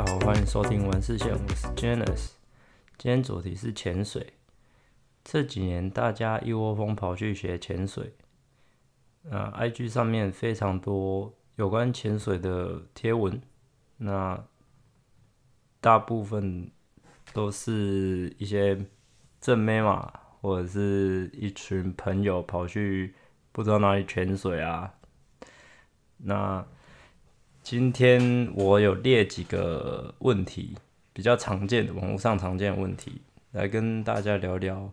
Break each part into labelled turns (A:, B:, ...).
A: 大家好，歡迎收聽頑視線，我是 Janice。今天主題是潛水。這幾年大家一窩蜂跑去學潛水，那 IG 上面非常多有關潛水的貼文，那大部分都是一些正妹嘛，或者是一群朋友跑去不知道哪裡潛水啊，那。今天我有列幾個問題，比較常見的網絡上常見的問題，來跟大家聊聊。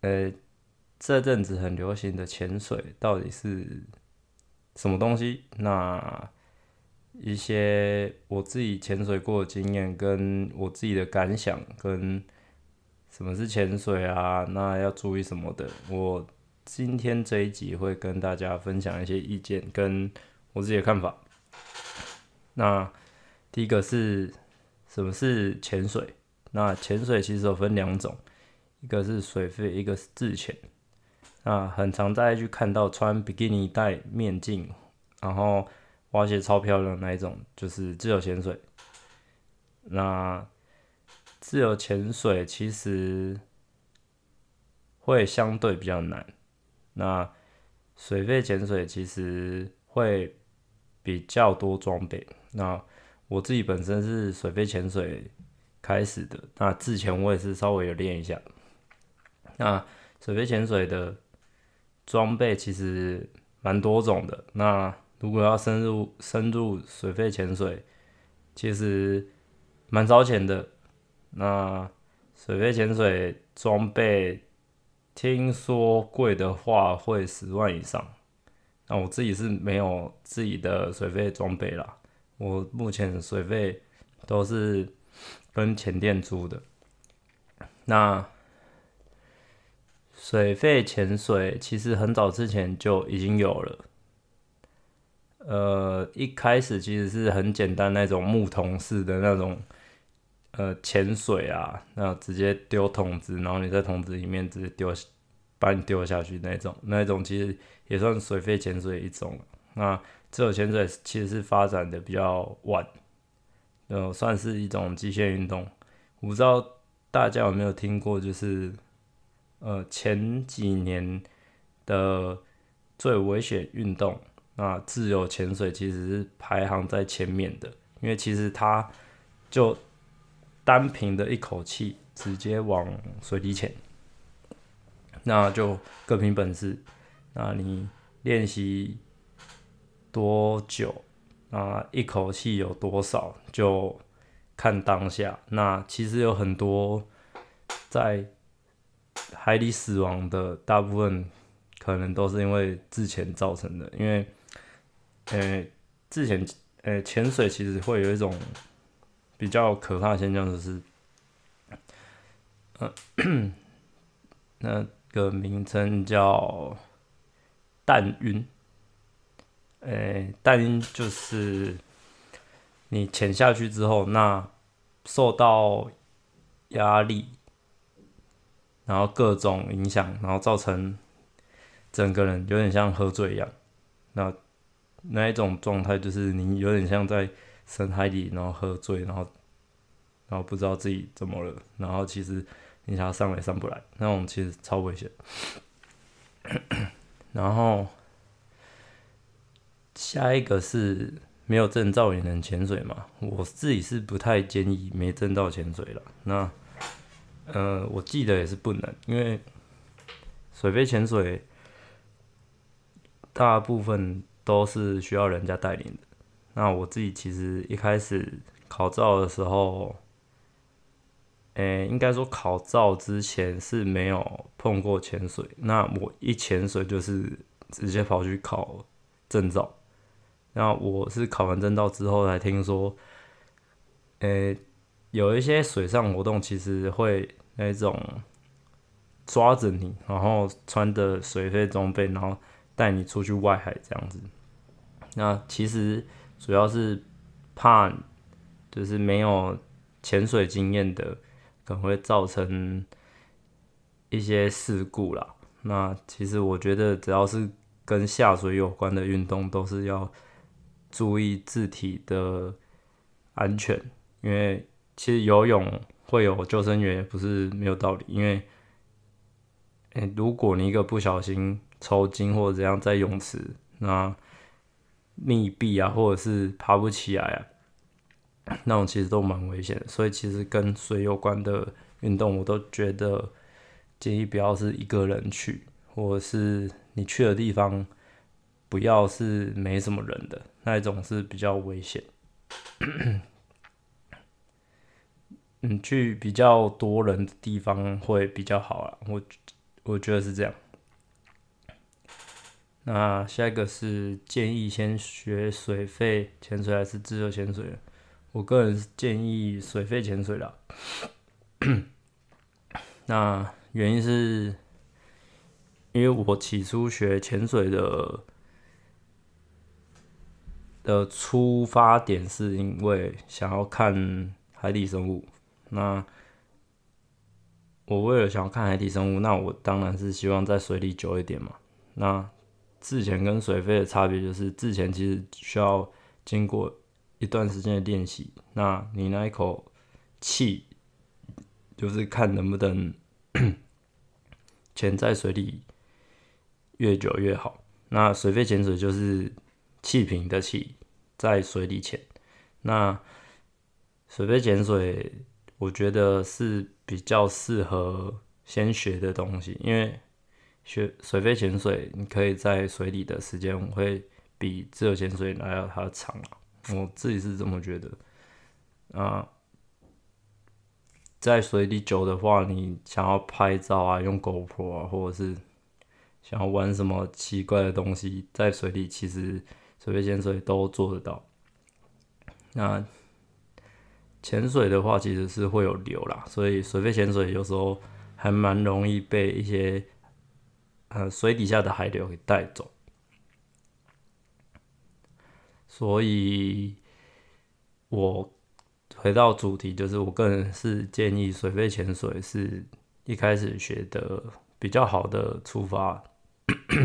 A: 呃、欸，這陣子很流行的潛水到底是什麼東西？那一些我自己潛水過的經驗，跟我自己的感想，跟什麼是潛水啊？那要注意什麼的？我今天這一集會跟大家分享一些意見，跟我自己的看法。那第一個是什麼是潛水？那潛水其實有分兩種，一個是水肺，一個是自潛。那很常在去看到穿比基尼、戴面鏡，然後蛙鞋超漂亮那一種，就是自由潛水。那自由潛水其實會相對比較難。那水肺潛水其實會比較多裝備。那我自己本身是水肺潛水開始的，那之前我也是稍微有練一下。那水肺潛水的裝備其實蠻多種的，那如果要深入深入水肺潛水，其實蠻燒錢的。那水肺潛水裝備聽說貴的話會十萬以上，那我自己是沒有自己的水肺裝備啦。我目前水肺都是跟潛店租的。那水肺潛水其實很早之前就已經有了。呃，一開始其實是很簡單那種木桶式的那種，呃，潛水啊，那直接丟桶子，然後你在桶子裡面直接丟，把你丟下去那種，那種其實也算水肺潛水一種那自由潛水其實是發展的比較晚，呃，算是一種極限運動。我不知道大家有沒有聽過，就是呃前幾年的最危險運動，那自由潛水其實是排行在前面的，因為其實它就單憑的一口氣直接往水裡潛，那就各憑本事。那你練習。多久？那一口氣有多少？就看當下。那其實有很多在海底死亡的，大部分可能都是因為自潛造成的，因為呃、欸，自潛呃潛、欸、水其實會有一種比較可怕的現象，就是嗯、呃，那個名稱叫氮暈。誒、欸，但就是你潛下去之後，那受到壓力，然後各種影響，然後造成整個人有點像喝醉一樣。那那一種狀態就是你有點像在深海裡，然後喝醉，然後然後不知道自己怎麼了，然後其實你想上也上不來，那種其實超危險。 然後。下一個是沒有證照也能潛水嗎？我自己是不太建議沒證照潛水啦。那，呃，我記得也是不能，因為水肺潛水大部分都是需要人家帶領的。那我自己其實一開始考照的時候，呃、欸，應該說考照之前是沒有碰過潛水。那我一潛水就是直接跑去考證照。那我是考完證照之後才聽說，誒、欸，有一些水上活動其實會那種抓着你，然後穿着水肺裝備，然後帶你出去外海這樣子。那其實主要是怕就是沒有潛水經驗的，可能會造成一些事故啦。那其實我覺得，只要是跟下水有關的運動，都是要。注意自身的安全，因為其實游泳會有救生員不是沒有道理。因為，誒，如果你一個不小心抽筋或者怎樣在泳池，那溺斃啊，或者是爬不起來啊，那種其實都蠻危險的。所以其實跟水有關的運動，我都覺得建議不要是一個人去，或者是你去的地方不要是沒什麼人的。那一種是比較危險，嗯，去比較多人的地方會比較好啦。我我覺得是這樣。那下一個是建議先學水肺潛水還是自由潛水？我個人是建議水肺潛水啦。那原因是，因為我起初學潛水的。的出發點是因為想要看海底生物。那我為了想要看海底生物，那我當然是希望在水裡久一點嘛。那自潛跟水肺的差別就是，自潛其實需要經過一段時間的練習。那你那一口氣，就是看能不能潛 在水裡越久越好。那水肺潛水就是。氣瓶的氣在水裡潛，那水肺潛水，我覺得是比較適合先學的東西，因為學水肺潛水，你可以在水裡的時間會比自由潛水還要長啊，我自己是這麼覺得。啊，在水裡久的話，你想要拍照啊，用 GoPro 啊，或者是想要玩什麼奇怪的東西，在水裡其實。水肺潛水都做得到。那潛水的話，其實是會有流啦，所以水肺潛水有時候還蠻容易被一些呃水底下的海流給帶走。所以，我回到主題，就是我個人是建議水肺潛水是一開始學的比較好的出發。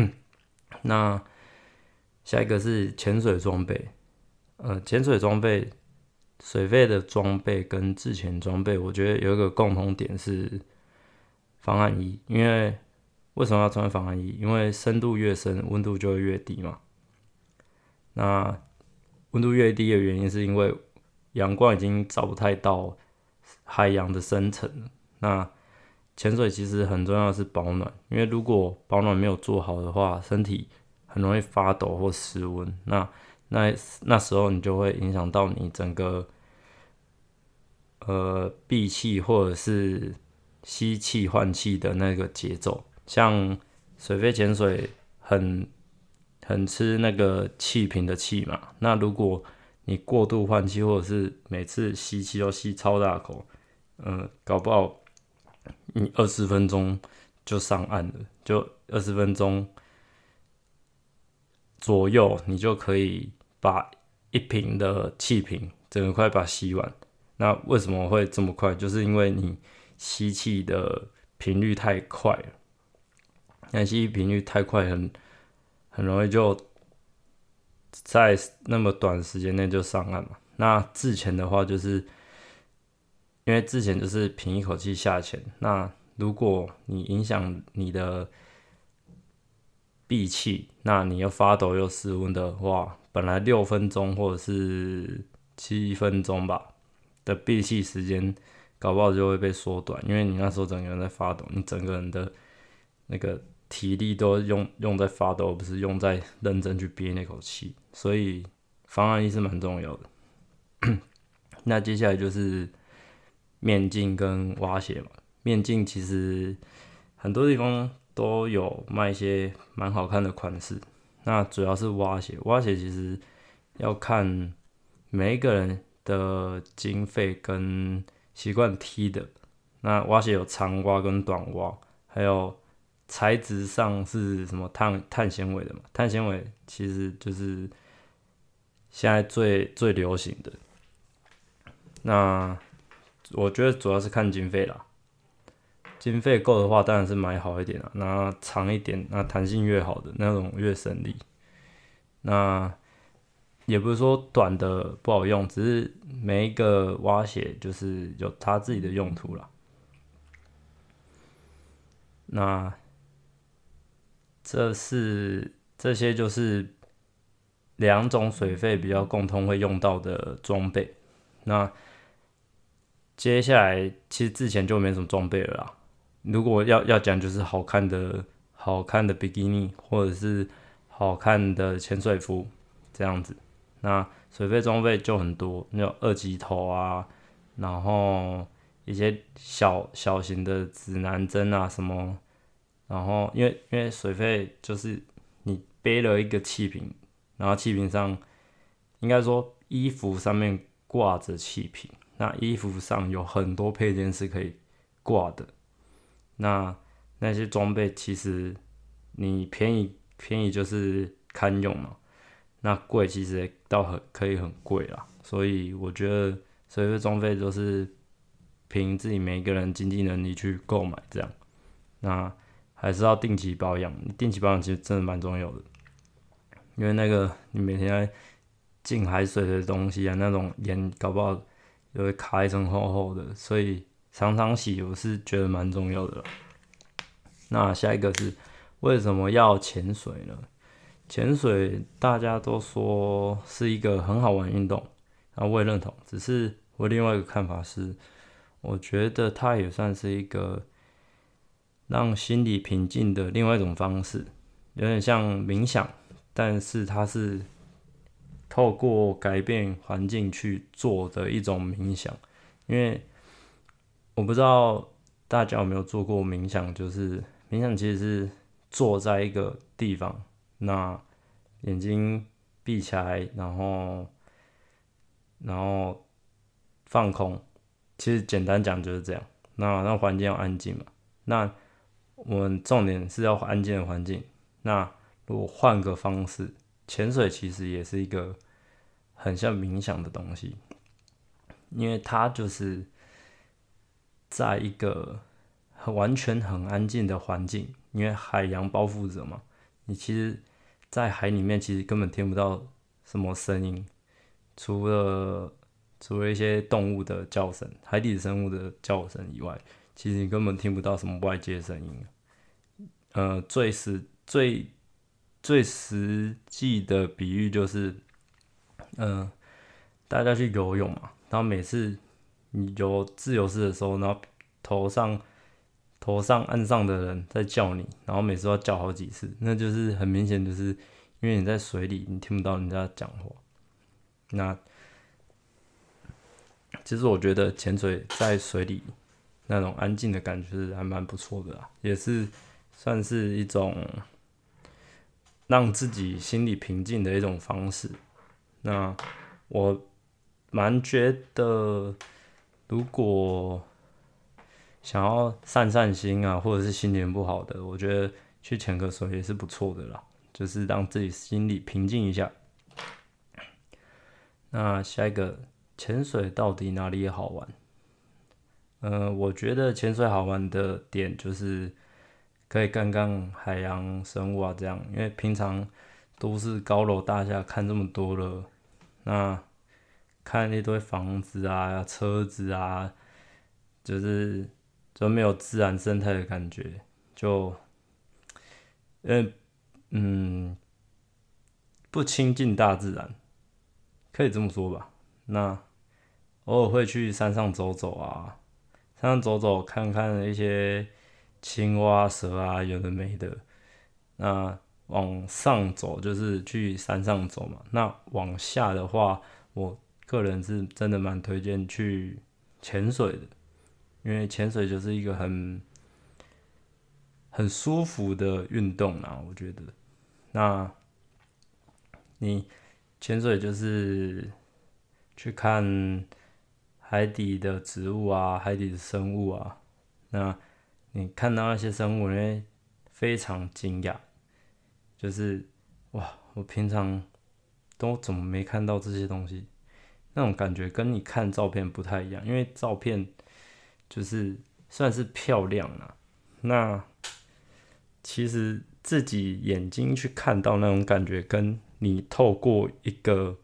A: 那。下一個是潛水裝備，呃，潛水裝備，水肺的裝備跟自潛裝備，我覺得有一個共同點是，防寒衣。因為為什麼要穿防寒衣？因為深度越深，溫度就會越低嘛。那溫度越低的原因是因為陽光已經照不太到海洋的深層。那潛水其實很重要的是保暖，因為如果保暖沒有做好的話，身體。很容易發抖或失溫，那那那時候你就會影響到你整個呃閉氣或者是吸氣換氣的那個節奏。像水肺潛水很，很很吃那個氣瓶的氣嘛。那如果你過度換氣，或者是每次吸氣都吸超大口，嗯、呃，搞不好你二十分鐘就上岸了，就二十分鐘。左右，你就可以把一瓶的氣瓶整個快把它吸完。那為什麼會這麼快？就是因為你吸氣的頻率太快了。那吸氣頻率太快很，很很容易就在那麼短時間內就上岸嘛。那之前的話，就是因為之前就是憑一口氣下潛。那如果你影響你的閉氣，那你又發抖又失溫的話，本來六分鐘或者是七分鐘吧的閉氣時間，搞不好就會被縮短，因為你那時候整個人在發抖，你整個人的那個體力都用用在發抖，不是用在認真去憋那口氣，所以防寒衣是蠻重要的。 那接下來就是面鏡跟蛙鞋嘛，面鏡其實很多地方。都有賣一些蠻好看的款式，那主要是蛙鞋，蛙鞋其實要看每一個人的經費跟習慣踢的。那蛙鞋有長蛙跟短蛙，還有材質上是什麼碳碳纖維的嘛？碳纖維其實就是現在最最流行的。那我覺得主要是看經費啦。經費夠的話，當然是買好一點啊，那長一點，那彈性越好的那種越省力。那也不是說短的不好用，只是每一個蛙鞋就是有它自己的用途了。那這是這些就是兩種水費比較共通會用到的裝備。那接下來其實之前就沒什麼裝備了啦。如果要要講，就是好看的、好看的比基尼，或者是好看的潛水服這樣子。那水肺裝備就很多，那種二級頭啊，然後一些小小型的指南針啊什麼。然後因，因為因為水肺就是你背了一個氣瓶，然後氣瓶上應該說衣服上面掛着氣瓶，那衣服上有很多配件是可以掛的。那那些裝備其實你便宜便宜就是堪用嘛，那貴其實倒很可以很貴啦，所以我覺得所有的裝備都是憑自己每一個人經濟能力去購買這樣，那還是要定期保養，定期保養其實真的蠻重要的，因為那個你每天在進海水的東西啊，那種鹽搞不好就會卡一層厚厚的，所以。常常洗，我是覺得蠻重要的。那下一個是為什麼要潛水呢？潛水大家都說是一個很好玩運動，啊，我也認同。只是我另外一個看法是，我覺得它也算是一個讓心理平靜的另外一種方式，有點像冥想，但是它是透過改變環境去做的一種冥想，因為。我不知道大家有沒有做過冥想，就是冥想其實是坐在一個地方，那眼睛閉起來，然後，然後放空，其實簡單講就是這樣。那那環境要安靜嘛？那我們重點是要安靜的環境。那如果換個方式，潛水其實也是一個很像冥想的東西，因為它就是。在一個很完全很安靜的環境，因為海洋包覆着嘛，你其實，在海裡面其實根本聽不到什麼聲音，除了除了一些動物的叫聲、海底生物的叫聲以外，其實你根本聽不到什麼外界聲音。呃，最實最最實際的比喻就是，嗯、呃，大家去游泳嘛，然後每次。你有自由式的時候，然後頭上、頭上岸上的人在叫你，然後每次都要叫好幾次，那就是很明顯，就是因為你在水裡，你聽不到人家講話。那其實我覺得潛水在水裡那種安靜的感覺是還蠻不錯的啦，也是算是一種讓自己心裡平靜的一種方式。那我蠻覺得。如果想要散散心啊，或者是心情不好的，我覺得去潛個水也是不錯的啦，就是讓自己心裡平靜一下。那下一個，潛水到底哪裡好玩？嗯、呃，我覺得潛水好玩的點就是可以看看海洋生物啊，這樣，因為平常都是高樓大廈看這麼多了，那。看一堆房子啊、車子啊，就是就沒有自然生態的感覺，就，呃，嗯，不親近大自然，可以這麼說吧。那偶爾會去山上走走啊，山上走走看看一些青蛙、蛇啊，有的沒的。那往上走就是去山上走嘛，那往下的話我。個人是真的蠻推薦去潛水的，因為潛水就是一個很很舒服的運動啊。我覺得，那你潛水就是去看海底的植物啊、海底的生物啊。那你看到那些生物，你非常驚訝，就是哇，我平常都怎麼沒看到這些東西？那種感覺跟你看照片不太一樣，因為照片就是算是漂亮啦。那其實自己眼睛去看到那種感覺，跟你透過一個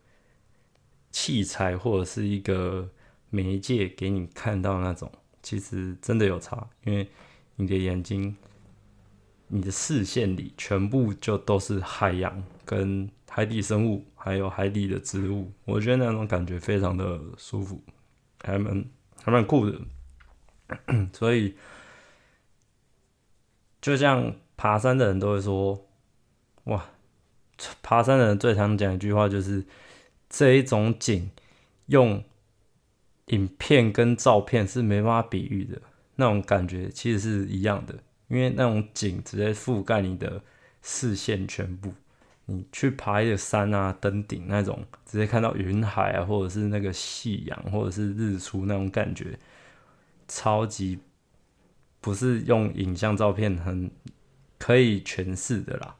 A: 器材或者是一個媒介給你看到那種，其實真的有差。因為你的眼睛、你的視線裡，全部就都是海洋跟。海底生物，還有海底的植物，我覺得那種感覺非常的舒服，還蠻還蠻酷的。 所以，就像爬山的人都會說：“哇，爬山的人最常講一句話就是這一種景，用影片跟照片是沒辦法比喻的，那種感覺其實是一樣的，因為那種景直接覆蓋你的視線全部。”你去爬一個山啊，登頂那種，直接看到雲海啊，或者是那個夕陽，或者是日出那種感覺，超級不是用影像照片很可以詮釋的啦。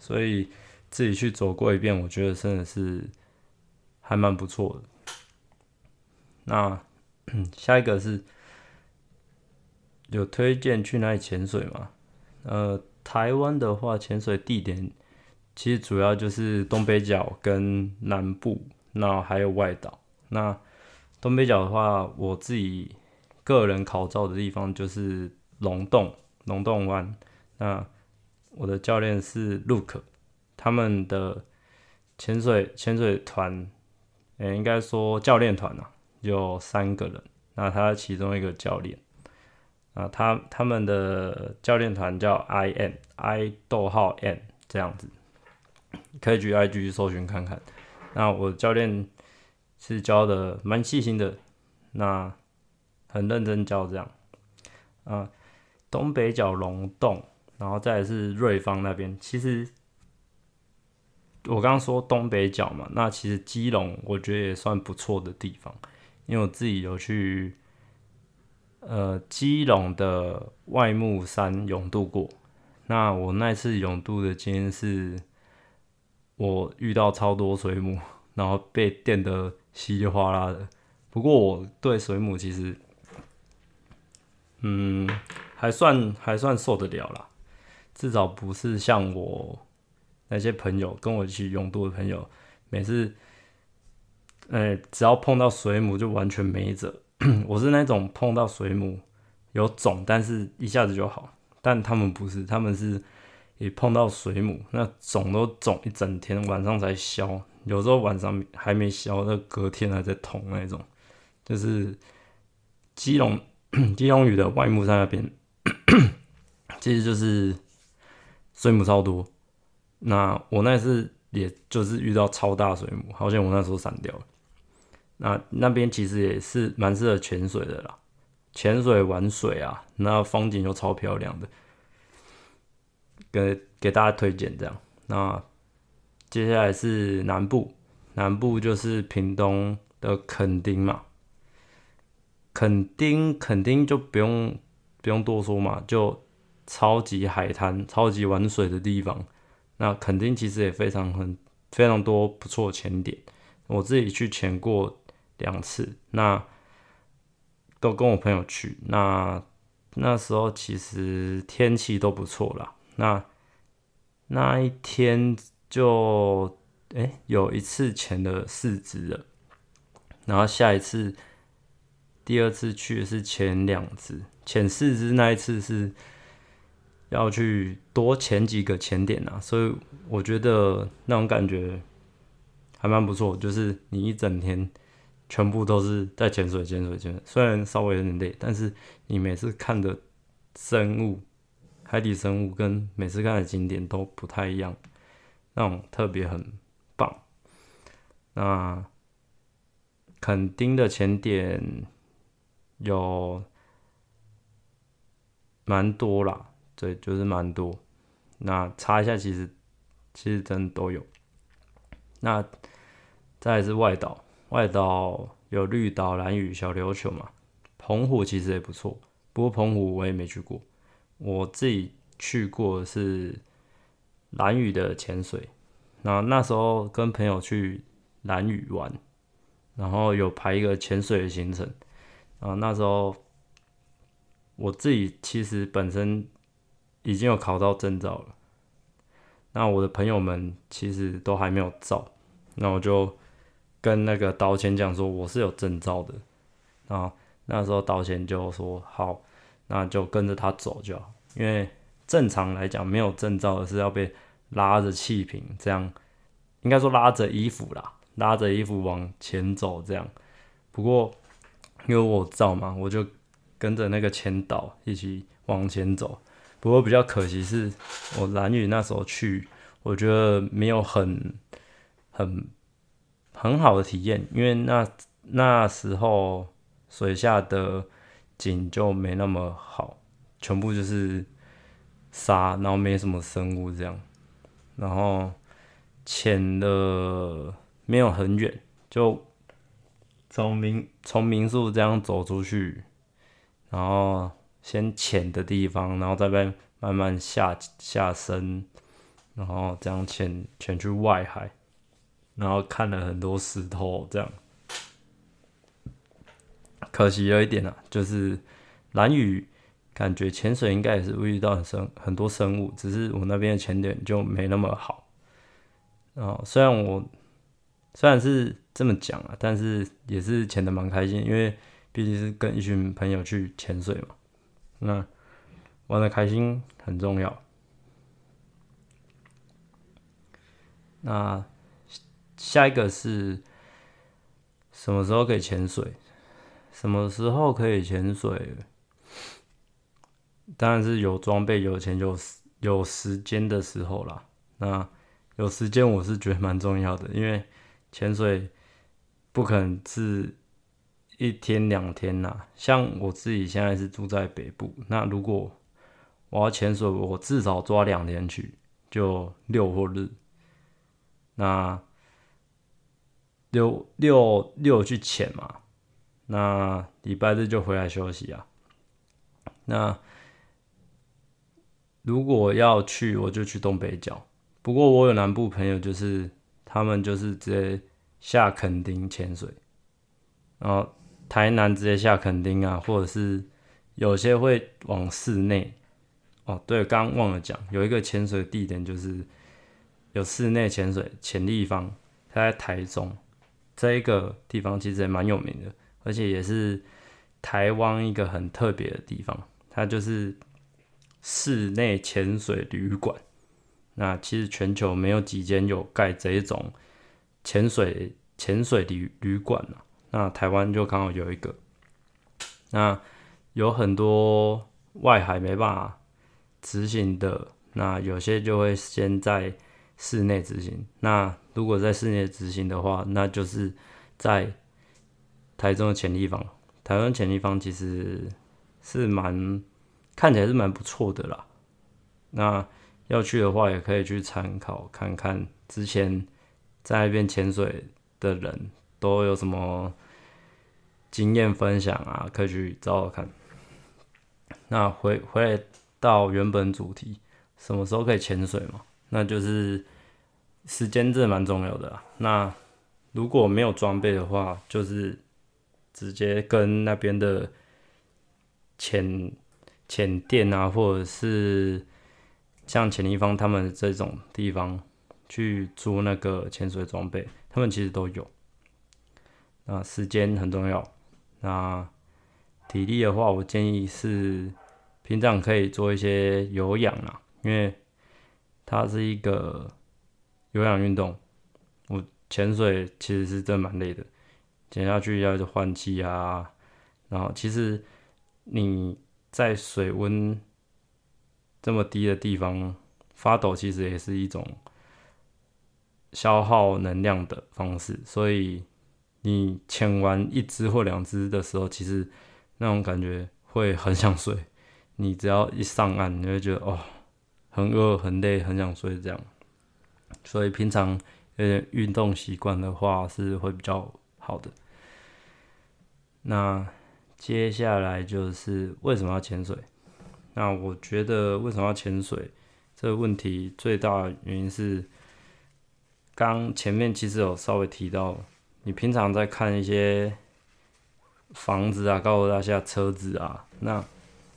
A: 所以自己去走過一遍，我覺得真的是還蠻不錯的。那下一個是有推薦去哪裡潛水嗎？呃，台灣的話，潛水地點。其實主要就是東北角跟南部，那還有外島。那東北角的話，我自己個人考照的地方就是龍洞龍洞灣。那我的教練是 Luke，他們的潛水潛水團，誒、欸，應該說教練團吶，有三個人。那他其中一個教練，啊，他他們的教練團叫 IN I 逗號 N 這樣子。可以去 IG 搜尋看看。那我教練是教的蠻細心的，那很認真教這樣。啊、呃，東北角龍洞，然後再來是瑞芳那邊。其實我剛剛說東北角嘛，那其實基隆我覺得也算不錯的地方，因為我自己有去呃基隆的外木山泳渡過。那我那次泳渡的經驗是。我遇到超多水母，然後被電得稀里嘩啦的。不過我對水母其實，嗯，還算還算受得了啦。至少不是像我那些朋友跟我一起泳渡的朋友，每次，哎、欸，只要碰到水母就完全沒轍。 我是那種碰到水母有腫，但是一下子就好。但他們不是，他們是。一碰到水母，那腫都腫一整天，晚上才消。有時候晚上還沒消，那隔天還在痛那種。就是基隆基隆嶼的外木山那邊， 其實就是水母超多。那我那次也就是遇到超大水母，好像我那時候閃掉了。那那邊其實也是蠻適合潛水的啦，潛水玩水啊，那風景就超漂亮的。給給大家推薦這樣。那接下來是南部，南部就是屏東的墾丁嘛。墾丁，墾丁就不用不用多說嘛，就超級海灘、超級玩水的地方。那墾丁其實也非常很非常多不錯的潛點，我自己去潛過兩次，那都跟我朋友去。那那時候其實天氣都不錯啦。那那一天就哎、欸，有一次潛了四支了，然後下一次、第二次去是潛兩支、潛四支。那一次是要去多潛幾個潛點吶、啊，所以我覺得那種感覺還蠻不錯。就是你一整天全部都是在潛水、潛水、潛水，雖然稍微有點累，但是你每次看的生物。海底生物跟每次看的景點都不太一樣，那種特別很棒。那墾丁的潛點有蠻多啦，對，就是蠻多。那查一下其、其實其實真的都有。那再來是外島，外島有綠島、蘭嶼、小琉球嘛。澎湖其實也不錯，不過澎湖我也沒去過。我自己去過的是蘭嶼的潛水，然後那時候跟朋友去蘭嶼玩，然後有排一個潛水的行程。啊，那時候我自己其實本身已經有考到證照了，那我的朋友們其實都還沒有照，那我就跟那個導潛講說，我是有證照的，然後那時候導潛就說好。那就跟着他走就好，因為正常來講，沒有證照的是要被拉着氣瓶，這樣應該說拉着衣服啦，拉着衣服往前走這樣。不過因為我知道嘛，我就跟着那個前導一起往前走。不過比較可惜是，我蘭嶼那時候去，我覺得沒有很很很好的體驗，因為那那時候水下的。景就沒那麼好，全部就是沙，然後沒什麼生物這樣，然後潛的沒有很遠，就從民從民宿這樣走出去，然後先潛的地方，然後再被慢慢下下深，然後這樣潛潛去外海，然後看了很多石頭這樣。可惜有一點呢、啊，就是蘭嶼感覺潛水應該也是會遇到很生很多生物，只是我那邊的潛點就沒那麼好。哦、呃，雖然我雖然是這麼講啊，但是也是潛得蠻開心，因為畢竟是跟一群朋友去潛水嘛，那玩得開心很重要。那下一個是什麼時候可以潛水？什麼時候可以潛水？當然是有裝備、有錢、有有時間的時候啦。那有時間，我是覺得蠻重要的，因為潛水不可能是一天兩天啦。像我自己現在是住在北部，那如果我要潛水，我至少抓兩天去，就六或日。那六六六去潛嘛。那禮拜日就回來休息啊。那如果要去，我就去東北角。不過我有南部朋友，就是他們就是直接下墾丁潛水，然後台南直接下墾丁啊，或者是有些會往室內。哦，對，剛忘了講，有一個潛水地點就是有室內潛水潛立方，他在台中這一個地方其實也蠻有名的。而且也是台灣一個很特別的地方，它就是室內潛水旅館。那其實全球沒有幾間有蓋這種潛水潛水旅旅館啊。那台灣就剛好有一個。那有很多外海沒辦法執行的，那有些就會先在室內執行。那如果在室內執行的話，那就是在。台中的潛地方，台中潛地方其實是蠻看起來是蠻不錯的啦。那要去的話，也可以去參考看看之前在那邊潛水的人都有什麼經驗分享啊，可以去找找看。那回回到原本主題，什麼時候可以潛水嘛。那就是時間真的蠻重要的啦。那如果沒有裝備的話，就是。直接跟那邊的潛潛店啊，或者是像潛立方他們這種地方去租那個潛水裝備，他們其實都有。那時間很重要，那體力的話，我建議是平常可以做一些有氧啊，因為它是一個有氧運動。我潛水其實是真的蠻累的。減下去要換氣啊，然後其實你在水溫這麼低的地方發抖，其實也是一種消耗能量的方式。所以你潛完一隻或兩隻的時候，其實那種感覺會很想睡。你只要一上岸，你就會覺得哦，很餓、很累、很想睡這樣。所以平常有點運動習慣的話，是會比較好的。那接下來就是為什麼要潛水？那我覺得為什麼要潛水？這個問題最大的原因是，剛前面其實有稍微提到，你平常在看一些房子啊、高樓大廈、車子啊，那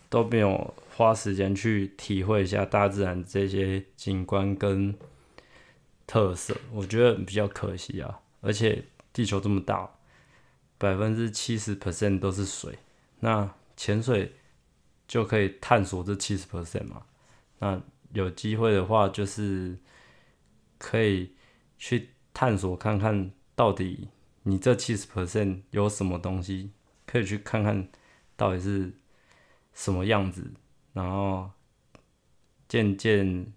A: 都沒有花時間去體會一下大自然這些景觀跟特色，我覺得比較可惜啊。而且地球這麼大。百分之七十 percent 都是水，那潛水就可以探索這七十 percent 嘛，那有機會的話，就是可以去探索看看到底你這七十 percent 有什麼東西，可以去看看到底是什麼樣子，然後見見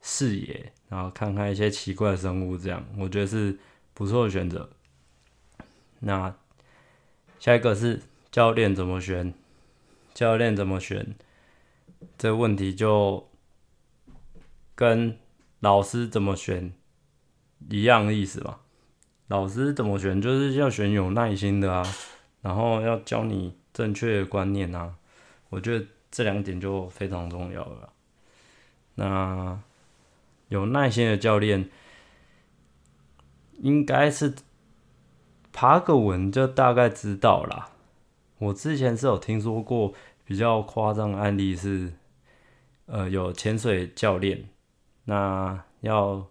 A: 視野，然後看看一些奇怪的生物，這樣我覺得是不錯的選擇。那。下一個是教練怎麼選？教練怎麼選？這問題就跟老師怎麼選一樣的意思吧。老師怎麼選，就是要選有耐心的啊，然後要教你正確的觀念啊。我覺得這兩點就非常重要了。那有耐心的教練應該是。爬個文就大概知道啦，我之前是有聽說過比較誇張的案例是，呃，有潛水教練，那要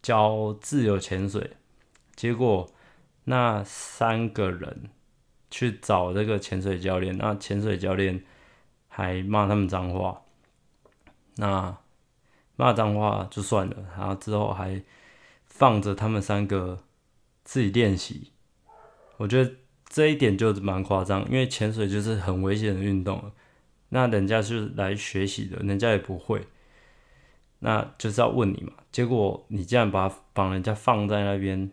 A: 教自由潛水，結果那三個人去找這個潛水教練，那潛水教練還罵他們髒話。那罵髒話就算了，然後之後還放着他們三個。自己練習，我覺得這一點就蠻誇張，因為潛水就是很危險的運動，那人家是來學習的，人家也不會，那就是要問你嘛。結果你竟然把把人家放在那邊，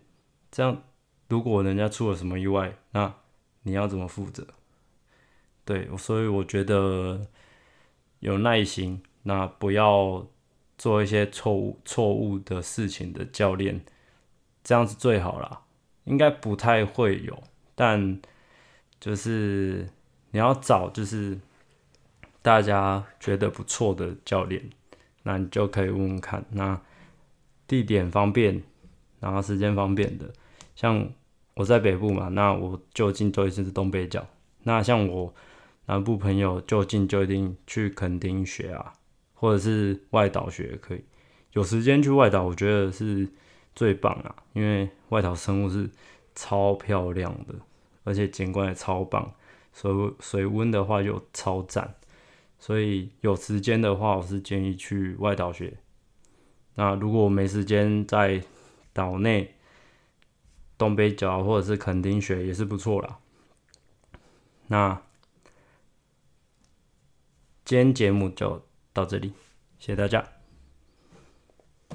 A: 這樣如果人家出了什麼意外，那你要怎麼負責？對，所以我覺得有耐心，那不要做一些錯誤錯誤的事情的教練。這樣子最好啦，應該不太會有。但就是你要找，就是大家覺得不錯的教練，那你就可以問問看。那地點方便，然後時間方便的。像我在北部嘛，那我就近就一定是東北角。那像我南部朋友就近就一定去墾丁學啊，或者是外島學也可以。有時間去外島，我覺得是。最棒了、啊，因為外島生物是超漂亮的，而且景觀也超棒，所以水水溫的話又超讚，所以有時間的話，我是建議去外島學。那如果我沒時間，在島內東北角或者是墾丁學也是不錯啦。那今天節目就到這裡，謝謝大家。